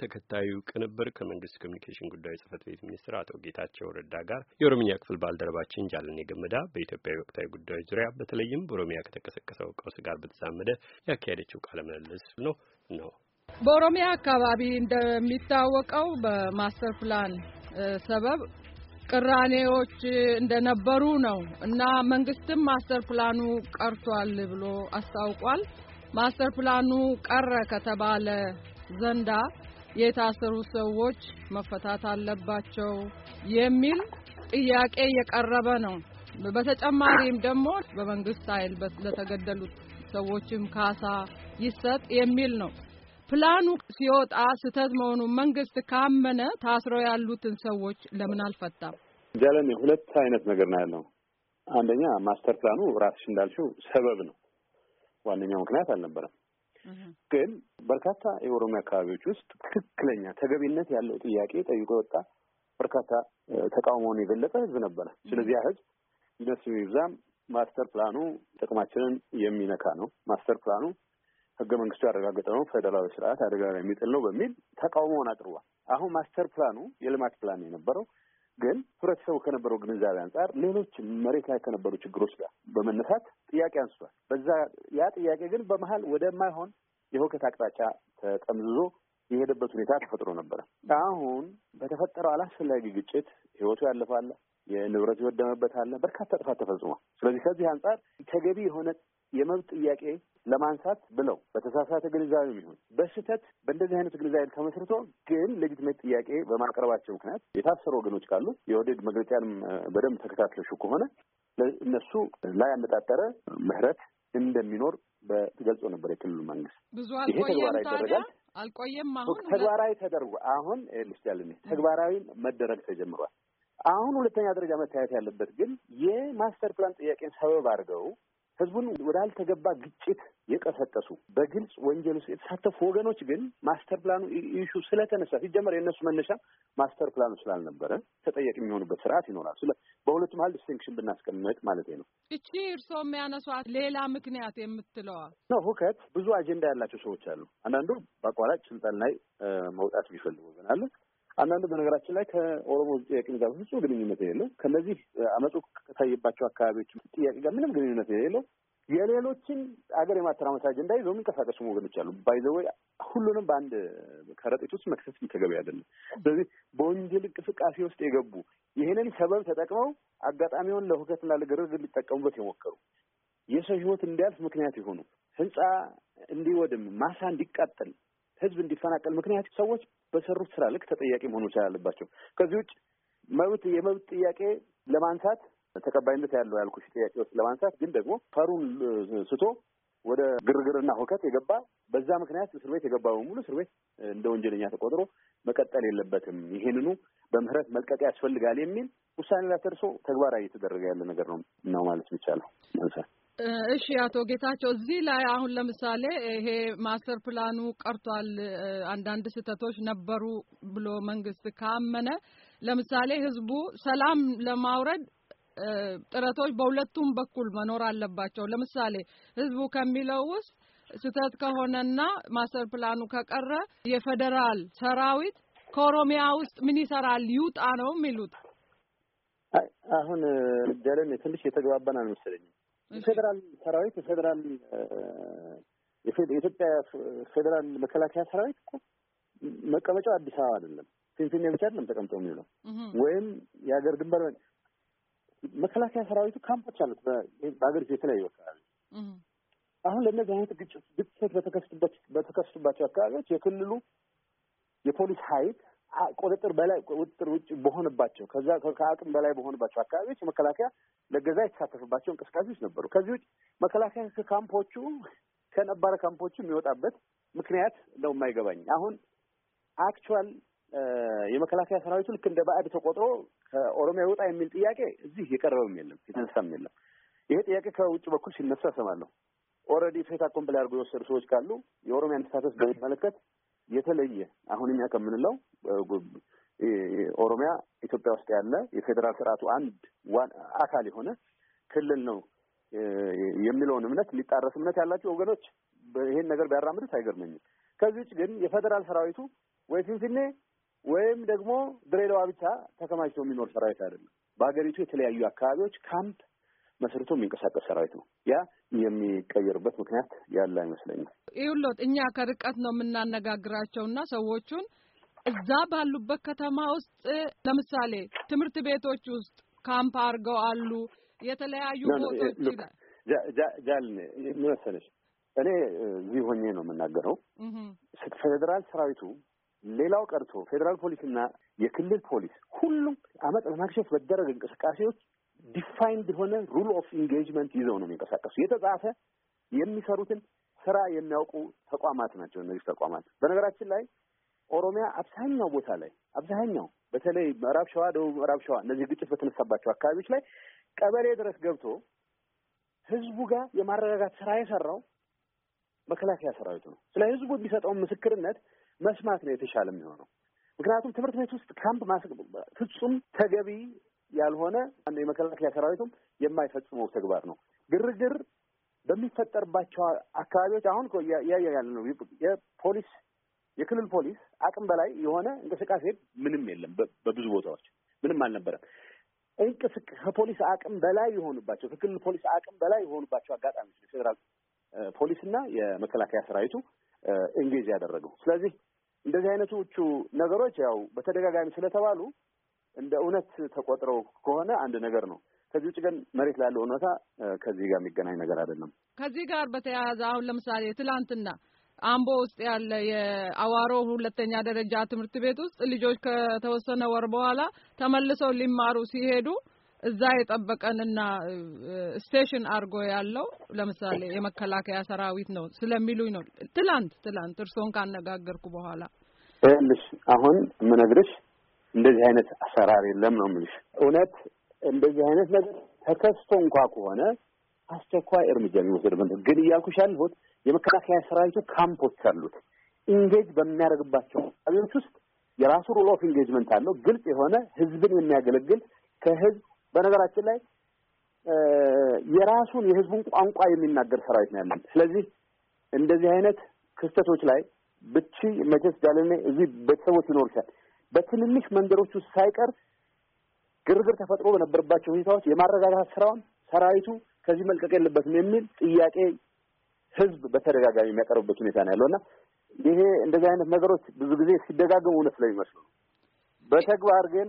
ተከታዩ ቅንብር ከመንግስት ኮሚኒኬሽን ጉዳዮች ጽህፈት ቤት ሚኒስትር አቶ ጌታቸው ረዳ ጋር የኦሮምኛ ክፍል ባልደረባችን ጃለኔ ገመዳ በኢትዮጵያ ወቅታዊ ጉዳዮች ዙሪያ በተለይም በኦሮሚያ ከተቀሰቀሰው ቀውስ ጋር በተዛመደ ያካሄደችው ቃለ ምልልስ ነው ነው። በኦሮሚያ አካባቢ እንደሚታወቀው በማስተር ፕላን ሰበብ ቅራኔዎች እንደነበሩ ነው እና መንግስትም ማስተር ፕላኑ ቀርቷል ብሎ አስታውቋል። ማስተር ፕላኑ ቀረ ከተባለ ዘንዳ የታሰሩ ሰዎች መፈታት አለባቸው የሚል ጥያቄ የቀረበ ነው። በተጨማሪም ደግሞ በመንግስት ኃይል ለተገደሉት ሰዎችም ካሳ ይሰጥ የሚል ነው። ፕላኑ ሲወጣ ስህተት መሆኑን መንግስት ካመነ ታስረው ያሉትን ሰዎች ለምን አልፈታም? ጃለኔ ሁለት አይነት ነገር ነው ያለው። አንደኛ ማስተር ፕላኑ ራስሽ እንዳልሽው ሰበብ ነው፣ ዋነኛው ምክንያት አልነበረም። ግን በርካታ የኦሮሚያ አካባቢዎች ውስጥ ትክክለኛ ተገቢነት ያለው ጥያቄ ጠይቆ ወጣ፣ በርካታ ተቃውሞውን የገለጸ ህዝብ ነበረ። ስለዚህ ያ ህዝብ ይነሱ ይብዛም ማስተር ፕላኑ ጥቅማችንን የሚነካ ነው፣ ማስተር ፕላኑ ህገ መንግስቱ ያረጋገጠ ነው፣ ፌደራላዊ ስርዓት አደጋ ላይ የሚጥል ነው በሚል ተቃውሞውን አቅርቧል። አሁን ማስተር ፕላኑ የልማት ፕላን የነበረው ግን ህብረተሰቡ ከነበረው ግንዛቤ አንጻር ሌሎች መሬት ላይ ከነበሩ ችግሮች ጋር በመነሳት ጥያቄ አንስቷል። በዛ ያ ጥያቄ ግን በመሀል ወደማይሆን የሁከት አቅጣጫ ተጠምዝዞ የሄደበት ሁኔታ ተፈጥሮ ነበረ። አሁን በተፈጠረው አላስፈላጊ ግጭት ህይወቱ ያለፋለ፣ የንብረት ይወደመበት አለ፣ በርካታ ጥፋት ተፈጽሟል። ስለዚህ ከዚህ አንጻር ተገቢ የሆነ የመብት ጥያቄ ለማንሳት ብለው በተሳሳተ ግንዛቤ የሚሆን በስህተት በእንደዚህ አይነት ግንዛቤ ተመስርቶ ግን ሌጂትሜት ጥያቄ በማቅረባቸው ምክንያት የታሰሩ ወገኖች ካሉ የወደድ መግለጫንም በደንብ ተከታትለሹ ከሆነ እነሱ ላይ ያነጣጠረ ምህረት እንደሚኖር ገልጾ ነበር የክልሉ መንግስት። ብዙ አልቆየም አልቆየም። አሁን ተግባራዊ ተደርጎ አሁን ልስ ተግባራዊ መደረግ ተጀምሯል። አሁን ሁለተኛ ደረጃ መታየት ያለበት ግን የማስተር ፕላን ጥያቄን ሰበብ አድርገው ህዝቡን ወዳልተገባ ግጭት የቀሰቀሱ በግልጽ ወንጀል ውስጥ የተሳተፉ ወገኖች ግን ማስተር ፕላኑ ኢሹ ስለተነሳ ሲጀመር የእነሱ መነሻ ማስተር ፕላኑ ስላልነበረ ተጠያቂ የሚሆኑበት ስርዓት ይኖራል። ስለ በሁለቱም መሀል ዲስቲንክሽን ብናስቀምጥ ማለት ነው። እቺ እርስዎ የሚያነሷት ሌላ ምክንያት የምትለዋል ነው። ሁከት ብዙ አጀንዳ ያላቸው ሰዎች አሉ። አንዳንዱ በአቋራጭ ስልጣን ላይ መውጣት የሚፈልግ ወገን አለ። አንዳንዱ በነገራችን ላይ ከኦሮሞ ጥያቄ ጋር ፍጹም ግንኙነት የሌለው ከነዚህ አመፁ ከታየባቸው አካባቢዎች ጥያቄ ጋር ምንም ግንኙነት የሌለው የሌሎችን አገር የማተራመስ አጀንዳ ይዘው የሚንቀሳቀሱ ወገኖች አሉ። ባይዘወይ ሁሉንም በአንድ ከረጢት ውስጥ መክሰስ ተገቢ አይደለም። ስለዚህ በወንጀል እንቅስቃሴ ውስጥ የገቡ ይህንን ሰበብ ተጠቅመው አጋጣሚውን ለሁከትና ለግርግር ሊጠቀሙበት የሞከሩ የሰው ህይወት እንዲያልፍ ምክንያት የሆኑ ህንፃ እንዲወድም፣ ማሳ እንዲቃጠል፣ ህዝብ እንዲፈናቀል ምክንያት ሰዎች በሰሩት ስራ ልክ ተጠያቂ መሆኑ መቻል አለባቸው። ከዚህ ውጭ መብት የመብት ጥያቄ ለማንሳት ተቀባይነት ያለው ያልኩሽ ጥያቄ ውስጥ ለማንሳት ግን ደግሞ ፈሩን ስቶ ወደ ግርግርና ሁከት የገባ በዛ ምክንያት እስር ቤት የገባ በሙሉ እስር ቤት እንደ ወንጀለኛ ተቆጥሮ መቀጠል የለበትም። ይሄንኑ በምህረት መልቀቅ ያስፈልጋል የሚል ውሳኔ ላይ ተደርሶ ተግባራዊ እየተደረገ ያለ ነገር ነው ነው ማለት ይቻላል። እሺ አቶ ጌታቸው እዚህ ላይ አሁን ለምሳሌ ይሄ ማስተር ፕላኑ ቀርቷል፣ አንዳንድ ስህተቶች ነበሩ ብሎ መንግስት ካመነ ለምሳሌ ህዝቡ ሰላም ለማውረድ ጥረቶች በሁለቱም በኩል መኖር አለባቸው። ለምሳሌ ህዝቡ ከሚለው ውስጥ ስህተት ከሆነና ማስተር ፕላኑ ከቀረ የፌዴራል ሰራዊት ከኦሮሚያ ውስጥ ምን ይሰራል ይውጣ ነው የሚሉት። አሁን ጃለን ትንሽ የተግባባን አልመሰለኝም። የፌዴራል ሰራዊት የፌዴራል የኢትዮጵያ ፌዴራል መከላከያ ሰራዊት እኮ መቀመጫው አዲስ አበባ አይደለም፣ ፊንፊኔ ብቻ አይደለም ተቀምጦ የሚውለው ወይም የሀገር ድንበር መከላከያ ሰራዊቱ ካምፖች አሉት በሀገሪቱ የተለያዩ አካባቢ። አሁን ለእነዚህ አይነት ግጭት ግጭቶች በተከሰቱባቸው አካባቢዎች የክልሉ የፖሊስ ኃይል ቁጥጥር በላይ ቁጥጥር ውጭ በሆነባቸው ከዛ ከአቅም በላይ በሆነባቸው አካባቢዎች የመከላከያ ለገዛ የተሳተፈባቸው እንቅስቃሴዎች ነበሩ። ከዚህ ውጭ መከላከያ ከካምፖቹ ከነባረ ካምፖቹ የሚወጣበት ምክንያት ነው የማይገባኝ። አሁን አክቹዋል የመከላከያ ሰራዊቱ ልክ እንደ ባዕድ ተቆጥሮ ከኦሮሚያ ይወጣ የሚል ጥያቄ እዚህ የቀረበም የለም የተነሳም የለም። ይሄ ጥያቄ ከውጭ በኩል ሲነሳ ሰማለሁ። ኦልሬዲ ፌታ ኮምፕል አድርጎ የወሰዱ ሰዎች ካሉ የኦሮሚያን ተሳተፍ በሚመለከት የተለየ አሁን እኛ ከምንለው ኦሮሚያ ኢትዮጵያ ውስጥ ያለ የፌዴራል ስርዓቱ አንድ አካል የሆነ ክልል ነው የሚለውን እምነት ሊጣረስ እምነት ያላቸው ወገኖች ይሄን ነገር ቢያራምዱት አይገርመኝም። ከዚህ ውጭ ግን የፌዴራል ሰራዊቱ ወይ ፊንፊኔ ወይም ደግሞ ድሬዳዋ ብቻ ተከማችቶ የሚኖር ሰራዊት አይደለም። በሀገሪቱ የተለያዩ አካባቢዎች ካምፕ መስርቶ የሚንቀሳቀስ ሰራዊት ነው። ያ የሚቀየርበት ምክንያት ያለ አይመስለኝም። ይሁሎት እኛ ከርቀት ነው የምናነጋግራቸው እና ሰዎቹን እዛ ባሉበት ከተማ ውስጥ ለምሳሌ ትምህርት ቤቶች ውስጥ ካምፕ አድርገው አሉ። የተለያዩ ቦታዎች ምን መሰለሽ፣ እኔ እዚህ ሆኜ ነው የምናገረው። ፌዴራል ሰራዊቱ ሌላው ቀርቶ ፌዴራል ፖሊስና የክልል ፖሊስ ሁሉም አመጥ ለማክሸፍ በደረገ እንቅስቃሴዎች ዲፋይንድ የሆነ ሩል ኦፍ ኢንጌጅመንት ይዘው ነው የሚንቀሳቀሱ። የተጻፈ የሚሰሩትን ስራ የሚያውቁ ተቋማት ናቸው እነዚህ ተቋማት። በነገራችን ላይ ኦሮሚያ አብዛኛው ቦታ ላይ አብዛኛው በተለይ ምዕራብ ሸዋ፣ ደቡብ ምዕራብ ሸዋ እነዚህ ግጭት በተነሳባቸው አካባቢዎች ላይ ቀበሌ ድረስ ገብቶ ህዝቡ ጋር የማረጋጋት ስራ የሰራው መከላከያ ሰራዊቱ ነው። ስለ ህዝቡ የሚሰጠውን ምስክርነት መስማት ነው የተሻለ የሚሆነው። ምክንያቱም ትምህርት ቤት ውስጥ ካምፕ ፍጹም ተገቢ ያልሆነ የመከላከያ ሰራዊቱም የማይፈጽመው ተግባር ነው። ግርግር በሚፈጠርባቸው አካባቢዎች አሁን እያየ ያለ ነው። የፖሊስ የክልል ፖሊስ አቅም በላይ የሆነ እንቅስቃሴ ምንም የለም። በብዙ ቦታዎች ምንም አልነበረም። እንቅስቅ ከፖሊስ አቅም በላይ የሆኑባቸው ከክልል ፖሊስ አቅም በላይ የሆኑባቸው አጋጣሚዎች የፌዴራል ፖሊስና የመከላከያ ሰራዊቱ ኤንጌጅ ያደረገው። ስለዚህ እንደዚህ አይነቶቹ ነገሮች ያው በተደጋጋሚ ስለተባሉ እንደ እውነት ተቆጥረው ከሆነ አንድ ነገር ነው። ከዚህ ውጭ ግን መሬት ላለው እውነታ ከዚህ ጋር የሚገናኝ ነገር አይደለም። ከዚህ ጋር በተያያዘ አሁን ለምሳሌ ትላንትና አምቦ ውስጥ ያለ የአዋሮ ሁለተኛ ደረጃ ትምህርት ቤት ውስጥ ልጆች ከተወሰነ ወር በኋላ ተመልሰው ሊማሩ ሲሄዱ እዛ የጠበቀንና ስቴሽን አድርጎ ያለው ለምሳሌ የመከላከያ ሰራዊት ነው ስለሚሉኝ ነው። ትላንት ትላንት እርሶን ካነጋገርኩ በኋላ ይኸውልሽ፣ አሁን የምነግርሽ እንደዚህ አይነት አሰራር የለም ነው የምልሽ። እውነት እንደዚህ አይነት ነገር ተከስቶ እንኳ ከሆነ አስቸኳይ እርምጃ የሚወሰድ መንደ ግን እያልኩሽ ያልሁት የመከላከያ ሰራዊቱ ካምፖች አሉት። ኢንጌጅ በሚያደርግባቸው አካባቢዎች ውስጥ የራሱ ሩል ኦፍ ኢንጌጅመንት አለው። ግልጽ የሆነ ህዝብን የሚያገለግል ከህዝብ በነገራችን ላይ የራሱን የህዝቡን ቋንቋ የሚናገር ሰራዊት ነው ያለን። ስለዚህ እንደዚህ አይነት ክስተቶች ላይ ብቺ መቼስ ዳለኔ እዚህ ቤተሰቦች ይኖሩሻል። በትንንሽ መንደሮች ውስጥ ሳይቀር ግርግር ተፈጥሮ በነበረባቸው ሁኔታዎች የማረጋጋት ስራውን ሰራዊቱ ከዚህ መልቀቅ የለበትም የሚል ጥያቄ ህዝብ በተደጋጋሚ የሚያቀርብበት ሁኔታ ነው ያለው እና ይሄ እንደዚህ አይነት ነገሮች ብዙ ጊዜ ሲደጋገሙ እውነት ስለሚመስሉ ነው። በተግባር ግን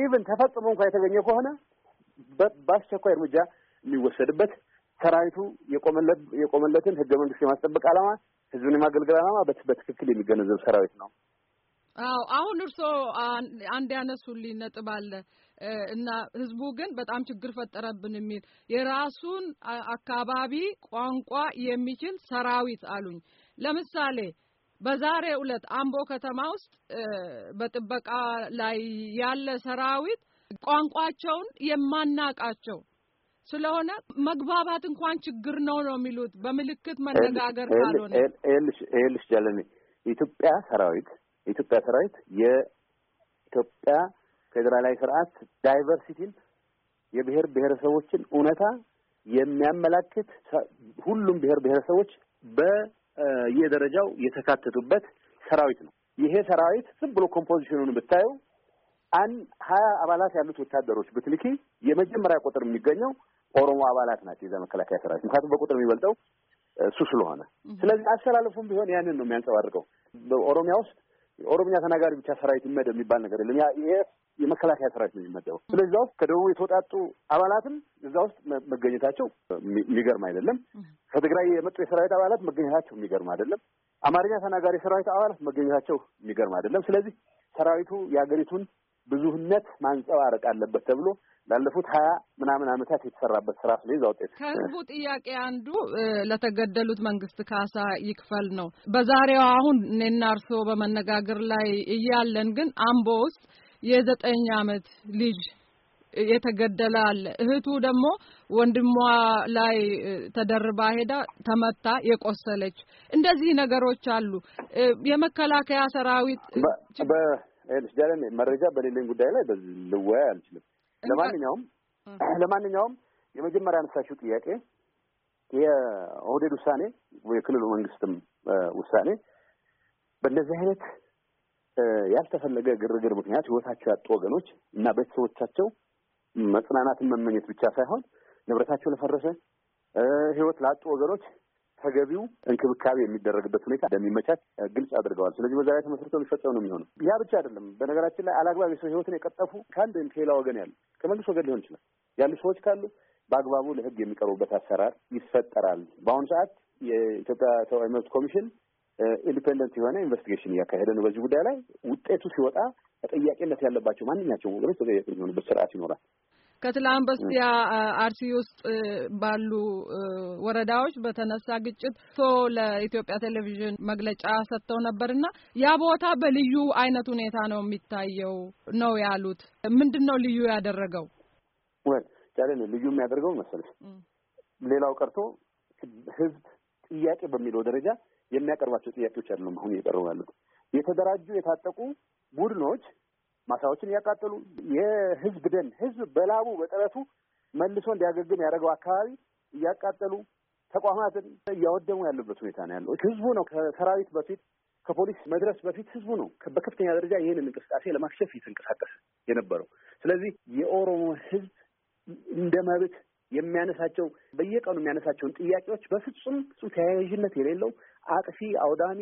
ኢቭን ተፈጽሞ እንኳ የተገኘ ከሆነ በአስቸኳይ እርምጃ የሚወሰድበት ሰራዊቱ የቆመለትን ህገ መንግስት የማስጠበቅ ዓላማ ህዝብን የማገልገል ዓላማ በትክክል የሚገነዘብ ሰራዊት ነው። አዎ አሁን እርስዎ አንድ ያነሱልኝ ነጥብ አለ እና ህዝቡ ግን በጣም ችግር ፈጠረብን የሚል የራሱን አካባቢ ቋንቋ የሚችል ሰራዊት አሉኝ። ለምሳሌ በዛሬ ዕለት አምቦ ከተማ ውስጥ በጥበቃ ላይ ያለ ሰራዊት ቋንቋቸውን የማናቃቸው ስለሆነ መግባባት እንኳን ችግር ነው ነው የሚሉት በምልክት መነጋገር ካልሆነ ኢትዮጵያ ሰራዊት የኢትዮጵያ ሰራዊት የኢትዮጵያ ፌዴራላዊ ስርዓት ዳይቨርሲቲን የብሔር ብሔረሰቦችን እውነታ የሚያመላክት ሁሉም ብሔር ብሔረሰቦች በየደረጃው የተካተቱበት ሰራዊት ነው። ይሄ ሰራዊት ዝም ብሎ ኮምፖዚሽኑን ብታየው አንድ ሀያ አባላት ያሉት ወታደሮች ብትልኪ የመጀመሪያ ቁጥር የሚገኘው ኦሮሞ አባላት ናቸው የዛ መከላከያ ሰራዊት ምክንያቱም በቁጥር የሚበልጠው እሱ ስለሆነ፣ ስለዚህ አሰላለፉም ቢሆን ያንን ነው የሚያንጸባርቀው። በኦሮሚያ ውስጥ ኦሮምኛ ተናጋሪ ብቻ ሰራዊት ይመደብ የሚባል ነገር የለም። ይሄ የመከላከያ ሰራዊት ነው የሚመደበው። ስለዚህ እዛ ውስጥ ከደቡብ የተውጣጡ አባላትም እዛ ውስጥ መገኘታቸው የሚገርም አይደለም። ከትግራይ የመጡ የሰራዊት አባላት መገኘታቸው የሚገርም አይደለም። አማርኛ ተናጋሪ የሰራዊት አባላት መገኘታቸው የሚገርም አይደለም። ስለዚህ ሰራዊቱ የሀገሪቱን ብዙህነት ማንጸባረቅ አለበት ተብሎ ላለፉት ሀያ ምናምን አመታት የተሰራበት ስራ ስለዛ ውጤት ከህዝቡ ጥያቄ አንዱ ለተገደሉት መንግስት ካሳ ይክፈል ነው። በዛሬው አሁን እኔና እርስዎ በመነጋገር ላይ እያለን ግን አምቦ ውስጥ የዘጠኝ አመት ልጅ የተገደለ አለ። እህቱ ደግሞ ወንድሟ ላይ ተደርባ ሄዳ ተመታ የቆሰለች። እንደዚህ ነገሮች አሉ። የመከላከያ ሰራዊት መረጃ በሌለኝ ጉዳይ ላይ በዚህ ልወያይ አልችልም። ለማንኛውም ለማንኛውም የመጀመሪያ ያነሳችው ጥያቄ የኦህዴድ ውሳኔ የክልሉ መንግስትም ውሳኔ በእንደዚህ አይነት ያልተፈለገ ግርግር ምክንያት ህይወታቸው ያጡ ወገኖች እና ቤተሰቦቻቸው መጽናናትን መመኘት ብቻ ሳይሆን ንብረታቸው ለፈረሰ ህይወት ላጡ ወገኖች ተገቢው እንክብካቤ የሚደረግበት ሁኔታ እንደሚመቻች ግልጽ አድርገዋል። ስለዚህ በዛ ላይ ተመስርቶ የሚፈጸም ነው የሚሆነው። ያ ብቻ አይደለም። በነገራችን ላይ አላግባብ የሰው ህይወትን የቀጠፉ ከአንድ ሌላ ወገን ያሉ ከመንግስት ወገን ሊሆን ይችላል ያሉ ሰዎች ካሉ በአግባቡ ለህግ የሚቀርቡበት አሰራር ይፈጠራል። በአሁኑ ሰዓት የኢትዮጵያ ሰብአዊ መብት ኮሚሽን ኢንዲፔንደንት የሆነ ኢንቨስቲጌሽን እያካሄደ ነው። በዚህ ጉዳይ ላይ ውጤቱ ሲወጣ ተጠያቂነት ያለባቸው ማንኛቸው ወገኖች ተጠያቂ የሚሆኑበት ስርዓት ይኖራል። ከትላንት በስቲያ አርሲ ውስጥ ባሉ ወረዳዎች በተነሳ ግጭት ሶ ለኢትዮጵያ ቴሌቪዥን መግለጫ ሰጥተው ነበርና ያ ቦታ በልዩ አይነት ሁኔታ ነው የሚታየው ነው ያሉት። ምንድን ነው ልዩ ያደረገው? ወይ ልዩ የሚያደርገው መሰለሽ፣ ሌላው ቀርቶ ህዝብ ጥያቄ በሚለው ደረጃ የሚያቀርባቸው ጥያቄዎች አይደሉም አሁን እየቀረቡ ያሉት የተደራጁ የታጠቁ ቡድኖች ማሳዎችን እያቃጠሉ የህዝብ ደን ህዝብ በላቡ በጥረቱ መልሶ እንዲያገግም ያደረገው አካባቢ እያቃጠሉ ተቋማትን እያወደሙ ያሉበት ሁኔታ ነው ያለው። ህዝቡ ነው ከሰራዊት በፊት ከፖሊስ መድረስ በፊት ህዝቡ ነው በከፍተኛ ደረጃ ይህንን እንቅስቃሴ ለማክሸፍ የተንቀሳቀስ የነበረው። ስለዚህ የኦሮሞ ህዝብ እንደ መብት የሚያነሳቸው በየቀኑ የሚያነሳቸውን ጥያቄዎች በፍጹም ፍጹም ተያያዥነት የሌለው አጥፊ አውዳሚ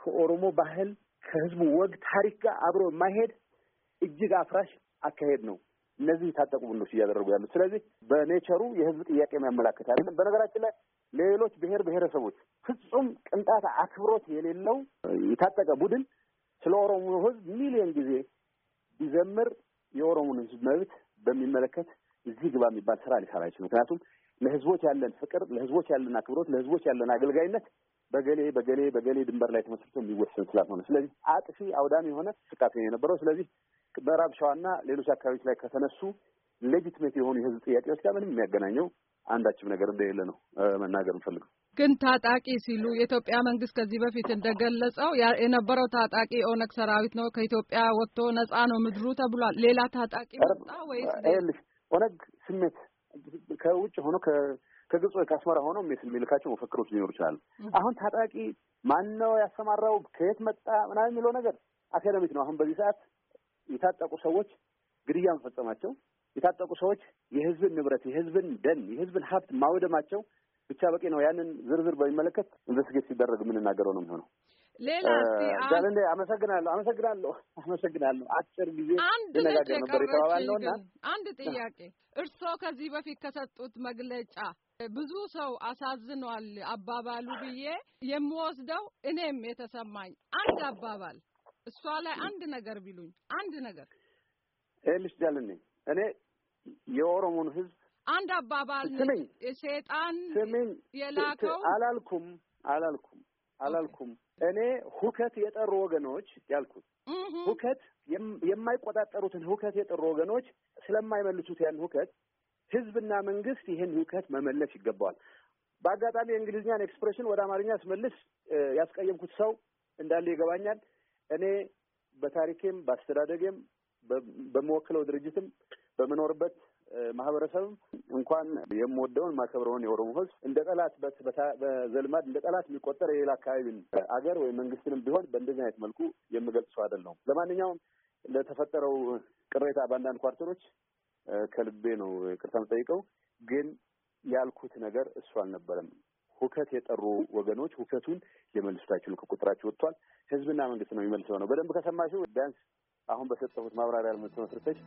ከኦሮሞ ባህል ከህዝቡ ወግ ታሪክ ጋር አብሮ የማይሄድ እጅግ አፍራሽ አካሄድ ነው እነዚህ የታጠቁ ቡድኖች እያደረጉ ያሉት። ስለዚህ በኔቸሩ የህዝብ ጥያቄ የሚያመላክት አይደለም። በነገራችን ላይ ሌሎች ብሔር ብሔረሰቦች ፍጹም ቅንጣት አክብሮት የሌለው የታጠቀ ቡድን ስለ ኦሮሞ ህዝብ ሚሊዮን ጊዜ ቢዘምር የኦሮሞን ህዝብ መብት በሚመለከት እዚህ ግባ የሚባል ስራ ሊሰራ ይችል። ምክንያቱም ለህዝቦች ያለን ፍቅር፣ ለህዝቦች ያለን አክብሮት፣ ለህዝቦች ያለን አገልጋይነት በገሌ በገሌ በገሌ ድንበር ላይ ተመስርቶ የሚወሰን ስላልሆነ ስለዚህ አጥፊ አውዳሚ የሆነ ስቃት የነበረው። ስለዚህ ምዕራብ ሸዋና ሌሎች አካባቢዎች ላይ ከተነሱ ሌጂትሜት የሆኑ የህዝብ ጥያቄዎች ጋር ምንም የሚያገናኘው አንዳችም ነገር እንደሌለ ነው መናገር እንፈልገው። ግን ታጣቂ ሲሉ የኢትዮጵያ መንግስት ከዚህ በፊት እንደገለጸው የነበረው ታጣቂ ኦነግ ሰራዊት ነው። ከኢትዮጵያ ወጥቶ ነጻ ነው ምድሩ ተብሏል። ሌላ ታጣቂ መጣ ወይስ ኦነግ ስሜት ከውጭ ሆኖ ከግብጽ ወይ ከአስመራ ሆኖ የሚልካቸው መፈክሮች ሊኖሩ ይችላሉ። አሁን ታጣቂ ማን ነው ያሰማራው፣ ከየት መጣ ምናምን የሚለው ነገር አካዳሚክ ነው። አሁን በዚህ ሰዓት የታጠቁ ሰዎች ግድያ መፈጸማቸው፣ የታጠቁ ሰዎች የህዝብን ንብረት፣ የህዝብን ደን፣ የህዝብን ሀብት ማውደማቸው ብቻ በቂ ነው። ያንን ዝርዝር በሚመለከት ኢንቨስቲጌት ሲደረግ የምንናገረው ነው የሚሆነው። ሌላ ዛለንደ አመሰግናለሁ አመሰግናለሁ አመሰግናለሁ። አጭር ጊዜ ነጋገር ነበር የተባባልነውና አንድ ጥያቄ እርስዎ ከዚህ በፊት ከሰጡት መግለጫ ብዙ ሰው አሳዝኗል አባባሉ ብዬ የምወስደው እኔም የተሰማኝ አንድ አባባል እሷ ላይ አንድ ነገር ቢሉኝ አንድ ነገር ይኸውልሽ ጃልኔ እኔ የኦሮሞን ህዝብ አንድ አባባል ስምኝ ሴጣን ስምኝ የላከው አላልኩም አላልኩም አላልኩም እኔ ሁከት የጠሩ ወገኖች ያልኩት ሁከት የማይቆጣጠሩትን ሁከት የጠሩ ወገኖች ስለማይመልሱት ያን ሁከት ህዝብና መንግስት ይህን ሁከት መመለስ ይገባዋል። በአጋጣሚ የእንግሊዝኛን ኤክስፕሬሽን ወደ አማርኛ ስመልስ ያስቀየምኩት ሰው እንዳለ ይገባኛል። እኔ በታሪኬም በአስተዳደጌም በምወክለው ድርጅትም በምኖርበት ማህበረሰብም እንኳን የምወደውን ማከብረውን የኦሮሞ ህዝብ እንደ ጠላት በዘልማድ እንደ ጠላት የሚቆጠር የሌላ አካባቢን አገር ወይም መንግስትንም ቢሆን በእንደዚህ አይነት መልኩ የምገልጽ ሰው አይደለሁም። ለማንኛውም ለተፈጠረው ቅሬታ በአንዳንድ ኳርተሮች ከልቤ ነው ቅርታ የምጠይቀው። ግን ያልኩት ነገር እሱ አልነበረም። ሁከት የጠሩ ወገኖች ሁከቱን ሊመልሱት አይችሉም። ከቁጥራቸው ወጥቷል። ህዝብና መንግስት ነው የሚመልሰው ነው። በደንብ ከሰማሽው ቢያንስ አሁን በሰጠሁት ማብራሪያ መስርተች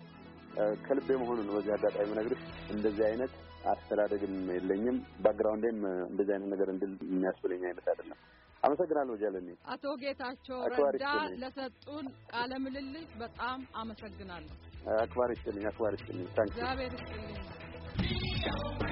ከልቤ መሆኑ ነው። በዚህ አጋጣሚ ብነግርሽ እንደዚህ አይነት አስተዳደግም የለኝም። ባክግራውንዴም እንደዚህ አይነት ነገር እንድል የሚያስብለኝ አይነት አይደለም። አመሰግናለሁ። ጃለኔ አቶ ጌታቸው ረዳ ለሰጡን ቃለ ምልልስ በጣም አመሰግናለሁ። አክባሪ ስጥልኝ። አክባሪ ስጥልኝ። እግዚአብሔር ስጥልኝ።